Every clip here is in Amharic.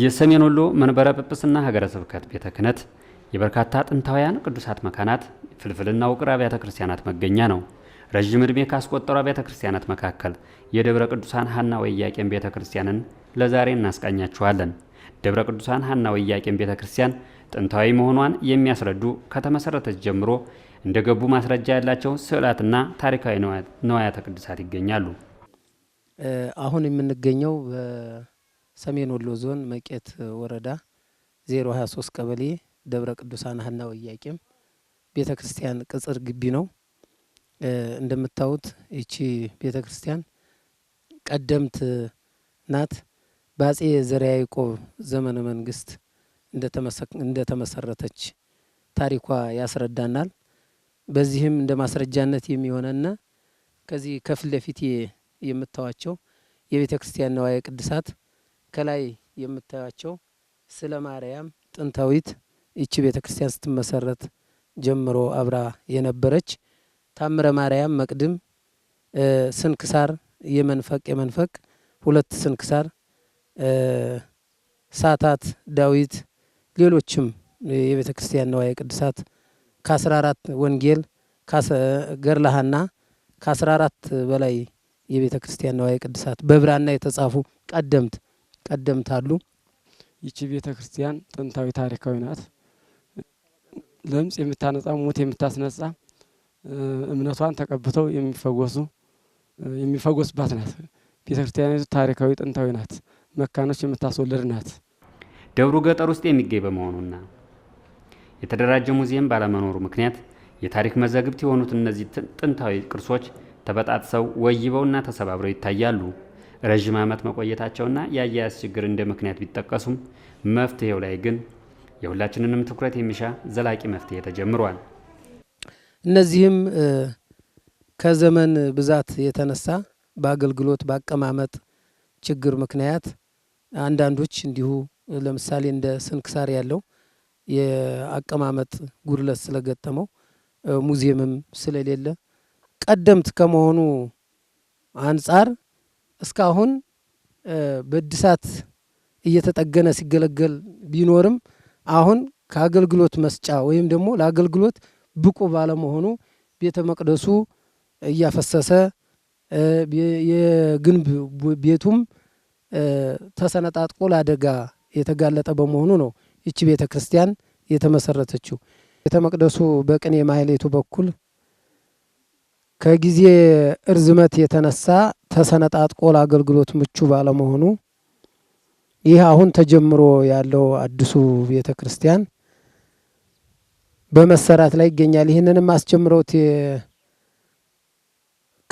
የሰሜን ወሎ መንበረ ጵጵስና ሀገረ ስብከት ቤተ ክህነት የበርካታ ጥንታውያን ቅዱሳት መካናት ፍልፍልና ውቅር አብያተ ክርስቲያናት መገኛ ነው። ረዥም ዕድሜ ካስቆጠሩ አብያተ ክርስቲያናት መካከል የደብረ ቅዱሳን ሀና ወኢያቄም ቤተ ክርስቲያንን ለዛሬ እናስቃኛችኋለን። ደብረ ቅዱሳን ሀና ወኢያቄም ቤተ ክርስቲያን ጥንታዊ መሆኗን የሚያስረዱ ከተመሰረተች ጀምሮ እንደ ገቡ ማስረጃ ያላቸው ስዕላትና ታሪካዊ ነዋያተ ቅዱሳት ይገኛሉ። አሁን የምንገኘው ሰሜን ወሎ ዞን መቄት ወረዳ 023 ቀበሌ ደብረ ቅዱሳን ሀና ወያቄም ቤተ ክርስቲያን ቅጽር ግቢ ነው። እንደምታዩት ይቺ ቤተ ክርስቲያን ቀደምት ናት። በአጼ ዘርዓ ያዕቆብ ዘመነ መንግስት እንደተመሰረተች ታሪኳ ያስረዳናል። በዚህም እንደ ማስረጃነት የሚሆነና ከዚህ ከፊት ለፊት የምታዋቸው የቤተ ክርስቲያን ነዋየ ቅድሳት ከላይ የምታያቸው ስለ ማርያም ጥንታዊት ይቺ ቤተ ክርስቲያን ስትመሰረት ጀምሮ አብራ የነበረች ታምረ ማርያም መቅድም ስንክሳር የመንፈቅ የመንፈቅ ሁለት ስንክሳር ሳታት ዳዊት ሌሎችም የቤተ ክርስቲያን ነዋየ ቅድሳት ከአስራ አራት ወንጌል ገርላሃና ከ ከአስራ አራት በላይ የቤተ ክርስቲያን ነዋየ ቅድሳት በብራና የተጻፉ ቀደምት ቀደምት አሉ። ይቺ ቤተ ክርስቲያን ጥንታዊ ታሪካዊ ናት። ለምጽ የምታነጻ ሞት የምታስነጻ እምነቷን ተቀብተው የሚፈወሱ የሚፈወስባት ናት። ቤተ ክርስቲያኒቱ ታሪካዊ ጥንታዊ ናት። መካኖች የምታስወልድ ናት። ደብሩ ገጠር ውስጥ የሚገኝ በመሆኑና የተደራጀ ሙዚየም ባለመኖሩ ምክንያት የታሪክ መዛግብት የሆኑት እነዚህ ጥንታዊ ቅርሶች ተበጣጥሰው ወይበውና ተሰባብረው ይታያሉ። ረዥም ዓመት መቆየታቸውና የአያያዝ ችግር እንደ ምክንያት ቢጠቀሱም መፍትሄው ላይ ግን የሁላችንንም ትኩረት የሚሻ ዘላቂ መፍትሄ ተጀምሯል። እነዚህም ከዘመን ብዛት የተነሳ በአገልግሎት በአቀማመጥ ችግር ምክንያት አንዳንዶች እንዲሁ ለምሳሌ እንደ ስንክሳር ያለው የአቀማመጥ ጉድለት ስለገጠመው ሙዚየምም ስለሌለ ቀደምት ከመሆኑ አንጻር እስካሁን በእድሳት እየተጠገነ ሲገለገል ቢኖርም አሁን ከአገልግሎት መስጫ ወይም ደግሞ ለአገልግሎት ብቁ ባለመሆኑ ቤተ መቅደሱ እያፈሰሰ የግንብ ቤቱም ተሰነጣጥቆ ለአደጋ የተጋለጠ በመሆኑ ነው ይቺ ቤተ ክርስቲያን የተመሰረተችው። ቤተ መቅደሱ በቅኔ ማህሌቱ በኩል ከጊዜ እርዝመት የተነሳ ተሰነጣጥቆ ለአገልግሎት ምቹ ባለመሆኑ ይህ አሁን ተጀምሮ ያለው አዲሱ ቤተ ክርስቲያን በመሰራት ላይ ይገኛል። ይህንንም አስጀምረውት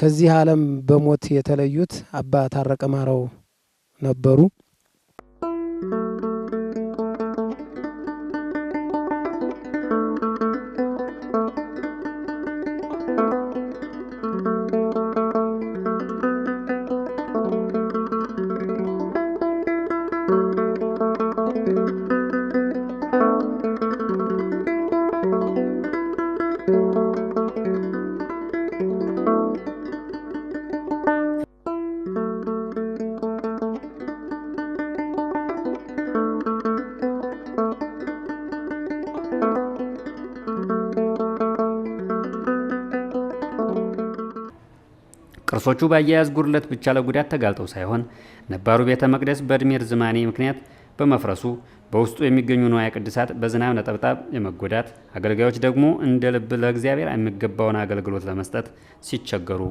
ከዚህ ዓለም በሞት የተለዩት አባ ታረቀ ማረው ነበሩ። ቅርሶቹ በአያያዝ ጉድለት ብቻ ለጉዳት ተጋልጠው ሳይሆን ነባሩ ቤተ መቅደስ በዕድሜ ርዝማኔ ምክንያት በመፍረሱ በውስጡ የሚገኙ ንዋየ ቅድሳት በዝናብ ነጠብጣብ የመጎዳት አገልጋዮች ደግሞ እንደ ልብ ለእግዚአብሔር የሚገባውን አገልግሎት ለመስጠት ሲቸገሩ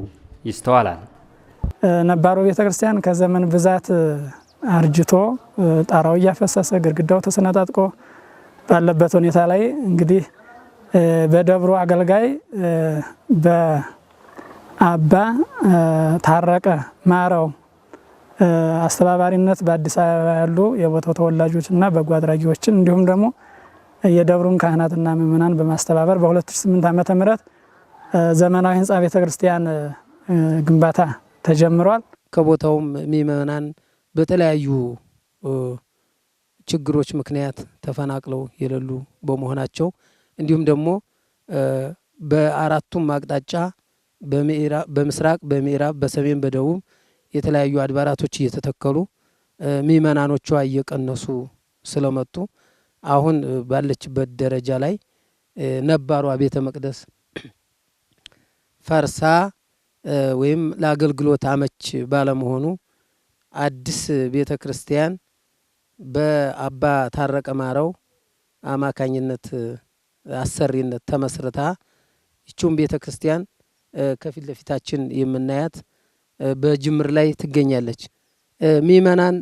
ይስተዋላል። ነባሩ ቤተ ክርስቲያን ከዘመን ብዛት አርጅቶ ጣራው እያፈሰሰ ግድግዳው ተሰነጣጥቆ ባለበት ሁኔታ ላይ እንግዲህ በደብሩ አገልጋይ አባ ታረቀ ማረው አስተባባሪነት በአዲስ አበባ ያሉ የቦታው ተወላጆችና በጎ አድራጊዎችን እንዲሁም ደግሞ የደብሩን ካህናትና ምዕመናን በማስተባበር በ2008 ዓ ም ዘመናዊ ህንፃ ቤተ ክርስቲያን ግንባታ ተጀምሯል። ከቦታውም ምእመናን በተለያዩ ችግሮች ምክንያት ተፈናቅለው የሌሉ በመሆናቸው እንዲሁም ደግሞ በአራቱም አቅጣጫ በምስራቅ በምዕራብ በሰሜን በደቡብ የተለያዩ አድባራቶች እየተተከሉ ምእመናኖቿ እየቀነሱ ስለመጡ አሁን ባለችበት ደረጃ ላይ ነባሯ ቤተ መቅደስ ፈርሳ ወይም ለአገልግሎት አመች ባለመሆኑ አዲስ ቤተ ክርስቲያን በአባ ታረቀ ማረው አማካኝነት አሰሪነት ተመስርታ ይችውም ቤተ ክርስቲያን ከፊት ለፊታችን የምናያት በጅምር ላይ ትገኛለች። ሚመናን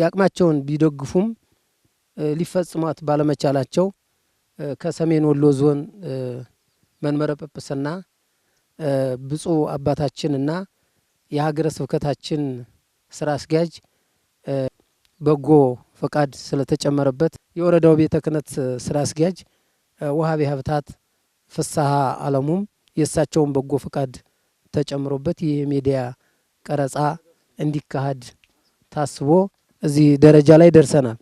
የአቅማቸውን ቢደግፉም ሊፈጽሟት ባለመቻላቸው ከሰሜን ወሎ ዞን መንመረ ጵጵስና ብፁዕ አባታችንና የሀገረ ስብከታችን ስራ አስኪያጅ በጎ ፈቃድ ስለተጨመረበት የወረዳው ቤተ ክህነት ስራ አስኪያጅ ውሃቤ ሀብታት ፍስሐ አለሙም የእሳቸውን በጎ ፈቃድ ተጨምሮበት የሚዲያ ቀረጻ እንዲካሄድ ታስቦ እዚህ ደረጃ ላይ ደርሰናል።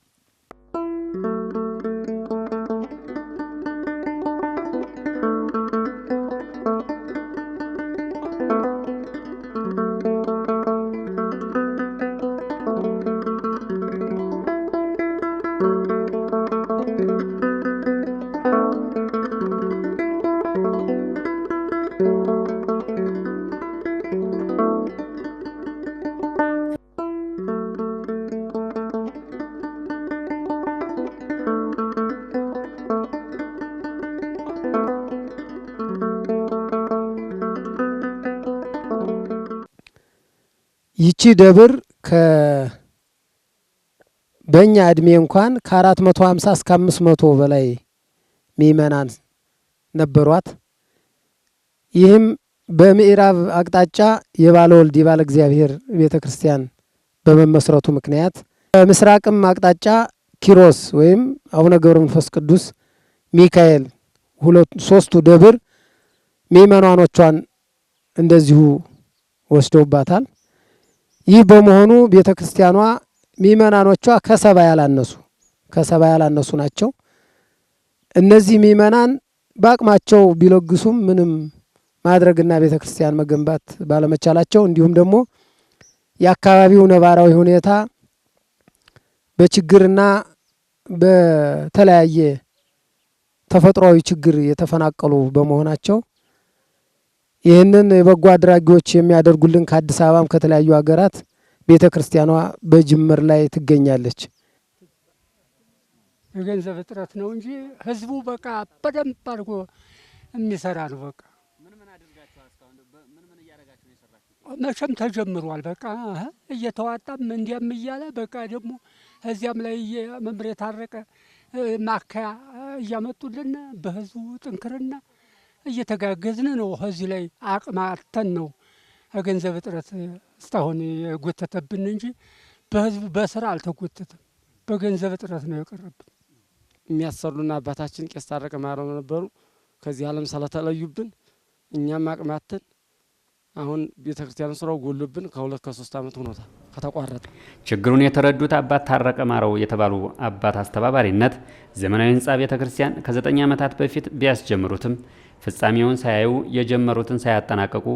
ይቺ ደብር በእኛ እድሜ እንኳን ከአራት መቶ ሀምሳ እስከ አምስት መቶ በላይ ምእመናን ነበሯት። ይህም በምዕራብ አቅጣጫ የባለ ወልድ የባለ እግዚአብሔር ቤተ ክርስቲያን በመመስረቱ ምክንያት በምስራቅም አቅጣጫ ኪሮስ ወይም አቡነ ገብረ መንፈስ ቅዱስ ሚካኤል ሶስቱ ደብር ምእመናኖቿን እንደዚሁ ወስደውባታል። ይህ በመሆኑ ቤተ ክርስቲያኗ ሚመናኖቿ ከሰባ ያላነሱ ከሰባ ያላነሱ ናቸው። እነዚህ ሚመናን በአቅማቸው ቢለግሱም ምንም ማድረግና ቤተ ክርስቲያን መገንባት ባለመቻላቸው እንዲሁም ደግሞ የአካባቢው ነባራዊ ሁኔታ በችግርና በተለያየ ተፈጥሯዊ ችግር የተፈናቀሉ በመሆናቸው ይህንን የበጎ አድራጊዎች የሚያደርጉልን ከአዲስ አበባም ከተለያዩ ሀገራት ቤተ ክርስቲያኗ በጅምር ላይ ትገኛለች። የገንዘብ እጥረት ነው እንጂ ህዝቡ በቃ በደንብ አድርጎ የሚሰራ ነው። በቃ መቼም ተጀምሯል። በቃ እየተዋጣም እንዲያም እያለ በቃ ደግሞ እዚያም ላይ መምሬ ታረቀ ማካያ እያመጡልን በህዝቡ ጥንክርና እየተጋገዝን ነው። ከዚህ ላይ አቅም አጥተን ነው ገንዘብ እጥረት ስታሁን የጎተተብን እንጂ በህዝብ በስራ አልተጎተተም። በገንዘብ እጥረት ነው የቀረብን። የሚያሰሉና አባታችን ቄስ ታረቀ ነበሩ። ከዚህ ዓለም ስለተለዩብን እኛም አቅማትን አሁን ቤተ ክርስቲያን ስራው ጎልብን ከሁለት ከሶስት ዓመት ሆኖታል ከተቋረጠ። ችግሩን የተረዱት አባት ታረቀ ማረው የተባሉ አባት አስተባባሪነት ዘመናዊ ህንፃ ቤተ ክርስቲያን ከዘጠኝ ዓመታት በፊት ቢያስጀምሩትም ፍጻሜውን ሳያዩ የጀመሩትን ሳያጠናቀቁ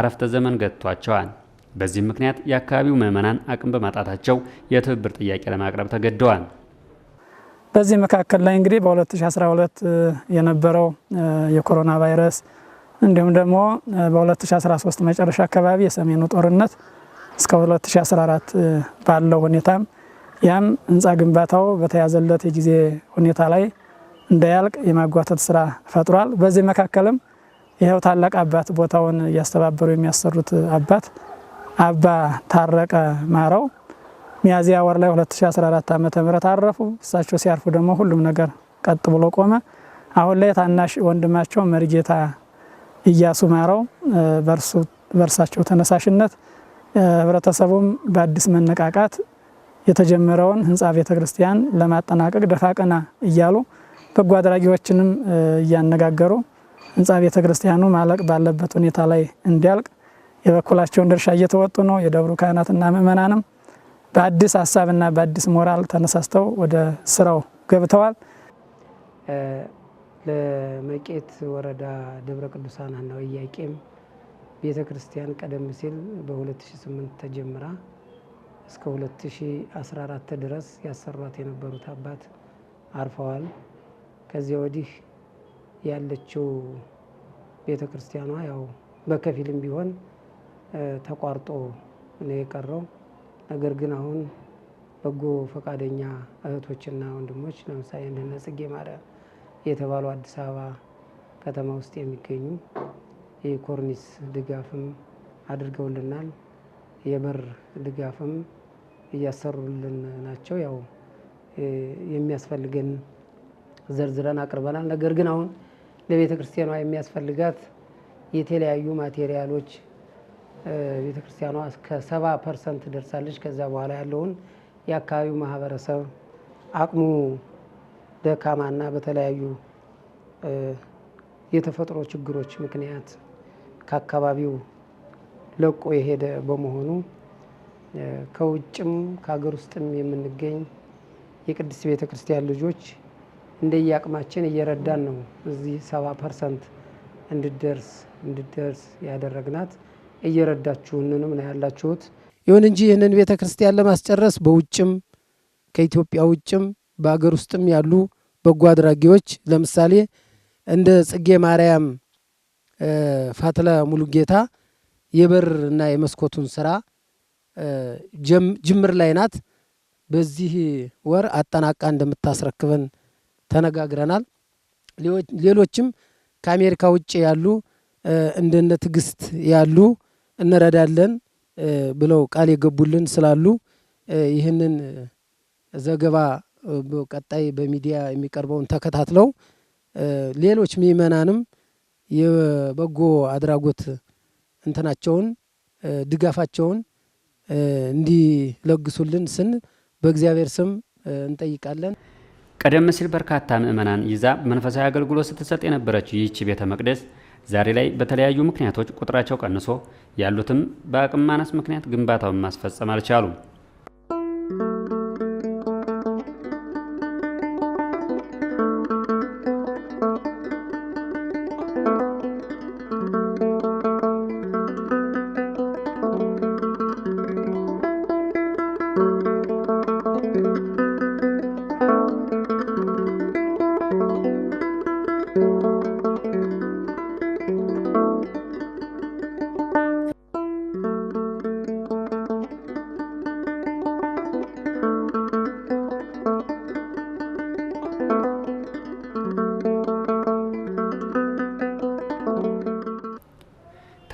አረፍተ ዘመን ገጥቷቸዋል። በዚህም ምክንያት የአካባቢው ምዕመናን አቅም በማጣታቸው የትብብር ጥያቄ ለማቅረብ ተገደዋል። በዚህ መካከል ላይ እንግዲህ በ2012 የነበረው የኮሮና ቫይረስ እንዲሁም ደግሞ በ2013 መጨረሻ አካባቢ የሰሜኑ ጦርነት እስከ 2014 ባለው ሁኔታም ያም ህንፃ ግንባታው በተያዘለት የጊዜ ሁኔታ ላይ እንዳያልቅ የማጓተት ስራ ፈጥሯል። በዚህ መካከልም ይኸው ታላቅ አባት ቦታውን እያስተባበሩ የሚያሰሩት አባት አባ ታረቀ ማረው ሚያዚያ ወር ላይ 2014 ዓ ም አረፉ። እሳቸው ሲያርፉ ደግሞ ሁሉም ነገር ቀጥ ብሎ ቆመ። አሁን ላይ ታናሽ ወንድማቸው መርጌታ እያሱ ማረው በእርሳቸው ተነሳሽነት ህብረተሰቡም በአዲስ መነቃቃት የተጀመረውን ህንፃ ቤተ ክርስቲያን ለማጠናቀቅ ደፋቀና እያሉ በጎ አድራጊዎችንም እያነጋገሩ ህንፃ ቤተ ክርስቲያኑ ማለቅ ባለበት ሁኔታ ላይ እንዲያልቅ የበኩላቸውን ድርሻ እየተወጡ ነው። የደብሩ ካህናትና ምእመናንም በአዲስ ሀሳብና በአዲስ ሞራል ተነሳስተው ወደ ስራው ገብተዋል። ለመቄት ወረዳ ደብረ ቅዱሳን ሐናዊ ኢያቄም ቤተ ክርስቲያን ቀደም ሲል በ2008 ተጀምራ እስከ 2014 ድረስ ያሰሯት የነበሩት አባት አርፈዋል። ከዚያ ወዲህ ያለችው ቤተ ክርስቲያኗ ያው በከፊልም ቢሆን ተቋርጦ ነው የቀረው። ነገር ግን አሁን በጎ ፈቃደኛ እህቶችና ወንድሞች ለምሳሌ እንደነ ጽጌ ማርያም የተባሉ አዲስ አበባ ከተማ ውስጥ የሚገኙ የኮርኒስ ድጋፍም አድርገውልናል። የበር ድጋፍም እያሰሩልን ናቸው። ያው የሚያስፈልገን ዘርዝረን አቅርበናል። ነገር ግን አሁን ለቤተ ክርስቲያኗ የሚያስፈልጋት የተለያዩ ማቴሪያሎች ቤተ ክርስቲያኗ እስከ ሰባ ፐርሰንት ደርሳለች። ከዛ በኋላ ያለውን የአካባቢው ማህበረሰብ አቅሙ ደካማና በተለያዩ የተፈጥሮ ችግሮች ምክንያት ከአካባቢው ለቆ የሄደ በመሆኑ ከውጭም ከሀገር ውስጥም የምንገኝ የቅድስት ቤተ ክርስቲያን ልጆች እንደየአቅማችን እየረዳን ነው። እዚህ ሰባ ፐርሰንት እንድደርስ እንድደርስ ያደረግናት እየረዳችሁንንም ነው ያላችሁት። ይሁን እንጂ ይህንን ቤተ ክርስቲያን ለማስጨረስ በውጭም ከኢትዮጵያ ውጭም በአገር ውስጥም ያሉ በጎ አድራጊዎች ለምሳሌ እንደ ጽጌ ማርያም፣ ፋትለ የበር የበርና የመስኮቱን ስራ ጅምር ላይ ናት። በዚህ ወር አጠናቃ እንደምታስረክበን ተነጋግረናል። ሌሎችም ከአሜሪካ ውጭ ያሉ እንደነ ትግስት ያሉ እንረዳለን ብለው ቃል የገቡልን ስላሉ ይህንን ዘገባ ቀጣይ በሚዲያ የሚቀርበውን ተከታትለው ሌሎች ምእመናንም የበጎ አድራጎት እንትናቸውን ድጋፋቸውን እንዲለግሱልን ስን በእግዚአብሔር ስም እንጠይቃለን። ቀደም ሲል በርካታ ምእመናን ይዛ መንፈሳዊ አገልግሎት ስትሰጥ የነበረችው ይህች ቤተ መቅደስ ዛሬ ላይ በተለያዩ ምክንያቶች ቁጥራቸው ቀንሶ ያሉትም በአቅም ማነስ ምክንያት ግንባታውን ማስፈጸም አልቻሉም።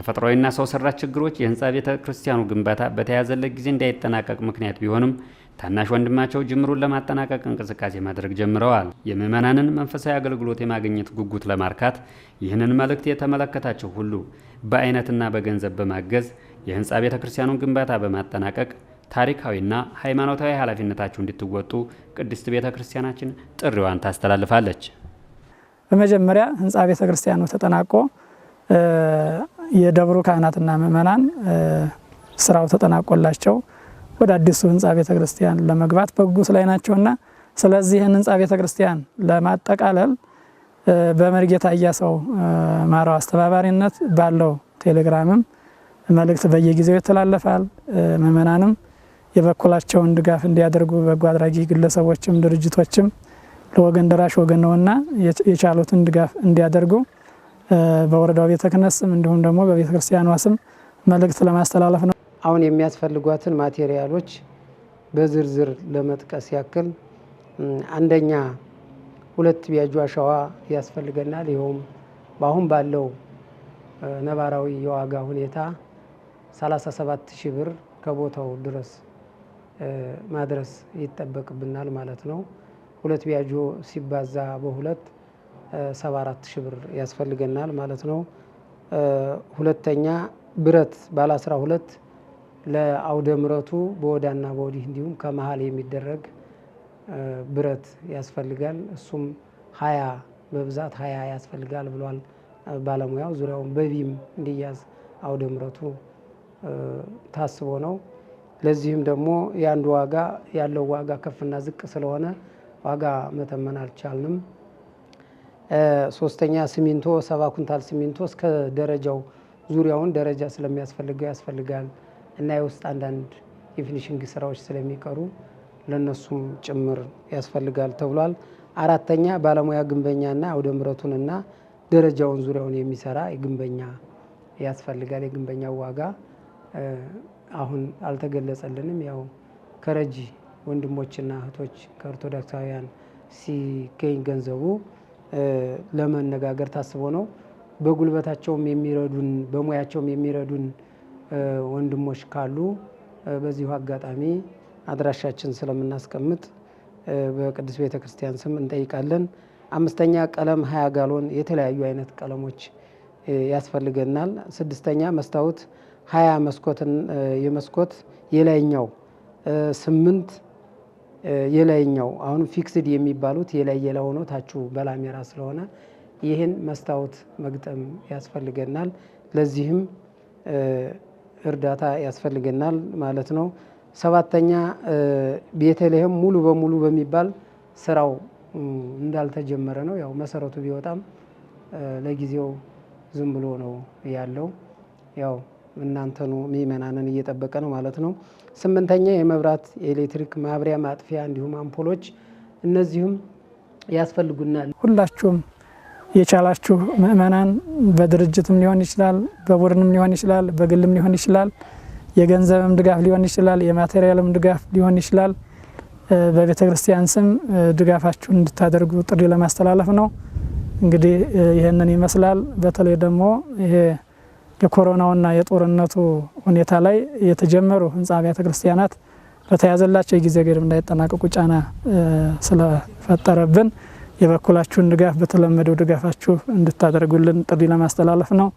ተፈጥሯዊና ሰው ሰራሽ ችግሮች የህንፃ ቤተ ክርስቲያኑ ግንባታ በተያዘለት ጊዜ እንዳይጠናቀቅ ምክንያት ቢሆንም ታናሽ ወንድማቸው ጅምሩን ለማጠናቀቅ እንቅስቃሴ ማድረግ ጀምረዋል። የምዕመናንን መንፈሳዊ አገልግሎት የማግኘት ጉጉት ለማርካት ይህንን መልእክት የተመለከታቸው ሁሉ በአይነትና በገንዘብ በማገዝ የህንፃ ቤተ ክርስቲያኑን ግንባታ በማጠናቀቅ ታሪካዊና ሃይማኖታዊ ኃላፊነታችሁ እንድትወጡ ቅድስት ቤተ ክርስቲያናችን ጥሪዋን ታስተላልፋለች። በመጀመሪያ ህንፃ ቤተ ክርስቲያኑ ተጠናቆ የደብሩ ካህናትና ምእመናን ስራው ተጠናቆላቸው ወደ አዲሱ ህንፃ ቤተ ክርስቲያን ለመግባት በጉስ ላይ ናቸውና ስለዚህ ይህን ህንፃ ቤተ ክርስቲያን ለማጠቃለል በመርጌታ እያሰው ማረው አስተባባሪነት ባለው ቴሌግራምም መልእክት በየጊዜው ይተላለፋል። ምእመናንም የበኩላቸውን ድጋፍ እንዲያደርጉ በጎ አድራጊ ግለሰቦችም ድርጅቶችም ለወገን ደራሽ ወገን ነውና የቻሉትን ድጋፍ እንዲያደርጉ በወረዳው ቤተ ክህነት ስም እንዲሁም ደግሞ በቤተ ክርስቲያኗ ስም መልእክት ለማስተላለፍ ነው። አሁን የሚያስፈልጓትን ማቴሪያሎች በዝርዝር ለመጥቀስ ያክል አንደኛ ሁለት ቢያጁ አሸዋ ያስፈልገናል። ይኸውም በአሁን ባለው ነባራዊ የዋጋ ሁኔታ 37 ሺህ ብር ከቦታው ድረስ ማድረስ ይጠበቅብናል ማለት ነው። ሁለት ቢያጆ ሲባዛ በሁለት 74 ሺህ ብር ያስፈልገናል ማለት ነው። ሁለተኛ ብረት ባለ 12 ለአውደ ምረቱ በወዳና በወዲህ እንዲሁም ከመሀል የሚደረግ ብረት ያስፈልጋል። እሱም ሀያ በብዛት ሀያ ያስፈልጋል ብሏል ባለሙያው። ዙሪያውን በቢም እንዲያዝ አውደ ምረቱ ታስቦ ነው። ለዚህም ደግሞ የአንዱ ዋጋ ያለው ዋጋ ከፍና ዝቅ ስለሆነ ዋጋ መተመን አልቻልንም። ሶስተኛ ሲሚንቶ ሰባ ኩንታል ሲሚንቶ እስከ ደረጃው ዙሪያውን ደረጃ ስለሚያስፈልገው ያስፈልጋል እና የውስጥ አንዳንድ የፊኒሽንግ ስራዎች ስለሚቀሩ ለነሱም ጭምር ያስፈልጋል ተብሏል። አራተኛ ባለሙያ ግንበኛና አውደ ምረቱንና ደረጃውን ዙሪያውን የሚሰራ የግንበኛ ያስፈልጋል። የግንበኛው ዋጋ አሁን አልተገለጸልንም። ያው ከረጂ ወንድሞችና እህቶች ከኦርቶዶክሳውያን ሲገኝ ገንዘቡ ለመነጋገር ታስቦ ነው። በጉልበታቸውም የሚረዱን በሙያቸውም የሚረዱን ወንድሞች ካሉ በዚሁ አጋጣሚ አድራሻችን ስለምናስቀምጥ በቅዱስ ቤተ ክርስቲያን ስም እንጠይቃለን። አምስተኛ ቀለም ሀያ ጋሎን የተለያዩ አይነት ቀለሞች ያስፈልገናል። ስድስተኛ መስታወት ሀያ መስኮትን የመስኮት የላይኛው ስምንት የላይኛው አሁን ፊክስድ የሚባሉት የላይ የላ ሆኖ ታችሁ በላሜራ ስለሆነ ይህን መስታወት መግጠም ያስፈልገናል። ለዚህም እርዳታ ያስፈልገናል ማለት ነው። ሰባተኛ ቤተልሔም ሙሉ በሙሉ በሚባል ስራው እንዳልተጀመረ ነው። ያው መሰረቱ ቢወጣም ለጊዜው ዝም ብሎ ነው ያለው ያው ነው ምእመናንን እየጠበቀ ነው ማለት ነው። ስምንተኛ የመብራት የኤሌክትሪክ ማብሪያ ማጥፊያ፣ እንዲሁም አምፖሎች እነዚሁም ያስፈልጉናል። ሁላችሁም የቻላችሁ ምእመናን በድርጅትም ሊሆን ይችላል፣ በቡድንም ሊሆን ይችላል፣ በግልም ሊሆን ይችላል፣ የገንዘብም ድጋፍ ሊሆን ይችላል፣ የማቴሪያልም ድጋፍ ሊሆን ይችላል። በቤተ ክርስቲያን ስም ድጋፋችሁን እንድታደርጉ ጥሪ ለማስተላለፍ ነው። እንግዲህ ይህንን ይመስላል። በተለይ ደግሞ ይሄ የኮሮናውና የጦርነቱ ሁኔታ ላይ የተጀመሩ ህንፃ አብያተ ክርስቲያናት በተያዘላቸው የጊዜ ገደብ እንዳይጠናቀቁ ጫና ስለፈጠረብን የበኩላችሁን ድጋፍ በተለመደው ድጋፋችሁ እንድታደርጉልን ጥሪ ለማስተላለፍ ነው።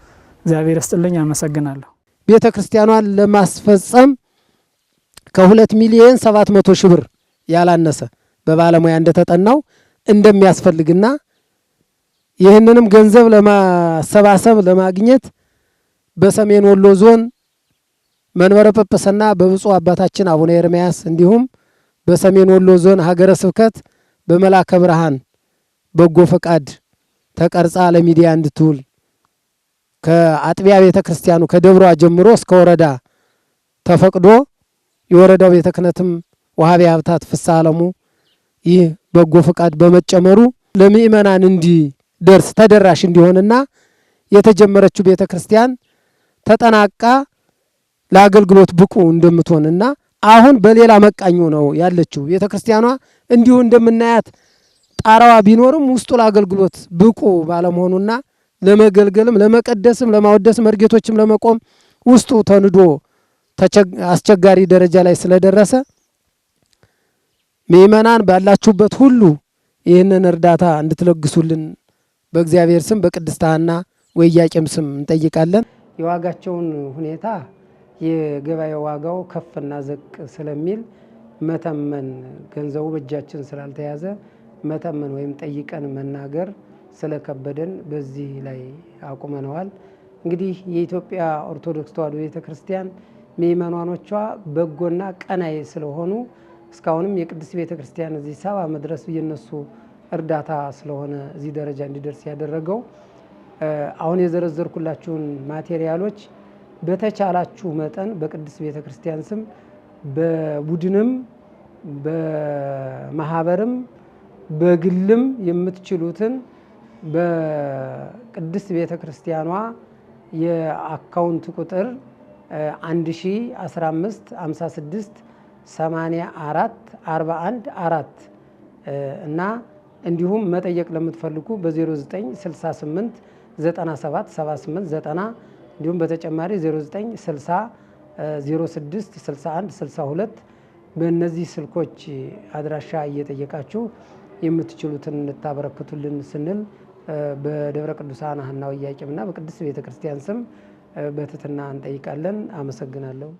እግዚአብሔር ይስጥልኝ። አመሰግናለሁ። ቤተ ክርስቲያኗን ለማስፈጸም ከሁለት ሚሊየን ሰባት መቶ ሺህ ብር ያላነሰ በባለሙያ እንደተጠናው እንደሚያስፈልግና ይህንንም ገንዘብ ለማሰባሰብ ለማግኘት በሰሜን ወሎ ዞን መንበረ ጵጵስና በብፁዕ አባታችን አቡነ ኤርምያስ እንዲሁም በሰሜን ወሎ ዞን ሀገረ ስብከት በመላከ ብርሃን በጎ ፈቃድ ተቀርጻ ለሚዲያ እንድትውል ከአጥቢያ ቤተ ክርስቲያኑ ከደብሯ ጀምሮ እስከ ወረዳ ተፈቅዶ የወረዳው ቤተ ክህነትም ወሃቤ ሀብታት ፍስሐ አለሙ ይህ በጎ ፈቃድ በመጨመሩ ለምእመናን እንዲደርስ ተደራሽ እንዲሆንና የተጀመረችው ቤተ ክርስቲያን ተጠናቃ ለአገልግሎት ብቁ እንደምትሆንና አሁን በሌላ መቃኙ ነው ያለችው ቤተ ክርስቲያኗ። እንዲሁ እንደምናያት ጣራዋ ቢኖርም ውስጡ ለአገልግሎት ብቁ ባለመሆኑና ለመገልገልም ለመቀደስም ለማወደስም መርጌቶችም ለመቆም ውስጡ ተንዶ አስቸጋሪ ደረጃ ላይ ስለደረሰ ምእመናን ባላችሁበት ሁሉ ይህንን እርዳታ እንድትለግሱልን በእግዚአብሔር ስም በቅድስት ሐና ወኢያቄም ስም እንጠይቃለን። የዋጋቸውን ሁኔታ የገበያ ዋጋው ከፍና ዝቅ ስለሚል መተመን ገንዘቡ በእጃችን ስላልተያዘ መተመን ወይም ጠይቀን መናገር ስለከበደን በዚህ ላይ አቁመነዋል። እንግዲህ የኢትዮጵያ ኦርቶዶክስ ተዋሕዶ ቤተ ክርስቲያን ምእመናኖቿ በጎና ቀናይ ስለሆኑ እስካሁንም የቅድስት ቤተ ክርስቲያን እዚህ ሰባ መድረስ የነሱ እርዳታ ስለሆነ እዚህ ደረጃ እንዲደርስ ያደረገው አሁን የዘረዘርኩላችሁን ማቴሪያሎች በተቻላችሁ መጠን በቅድስት ቤተ ክርስቲያን ስም በቡድንም በማህበርም በግልም የምትችሉትን በቅድስት ቤተ ክርስቲያኗ የአካውንት ቁጥር 1015 56 84 41 4 እና እንዲሁም መጠየቅ ለምትፈልጉ በ0968 97 78 90 እንዲሁም በተጨማሪ 09 60 06 61 62 በእነዚህ ስልኮች አድራሻ እየጠየቃችሁ የምትችሉትን እንታበረክቱልን ስንል በደብረ ቅዱሳን ሐናውያ ቂምና በቅድስት ቤተ ክርስቲያን ስም በትህትና እንጠይቃለን። አመሰግናለሁ።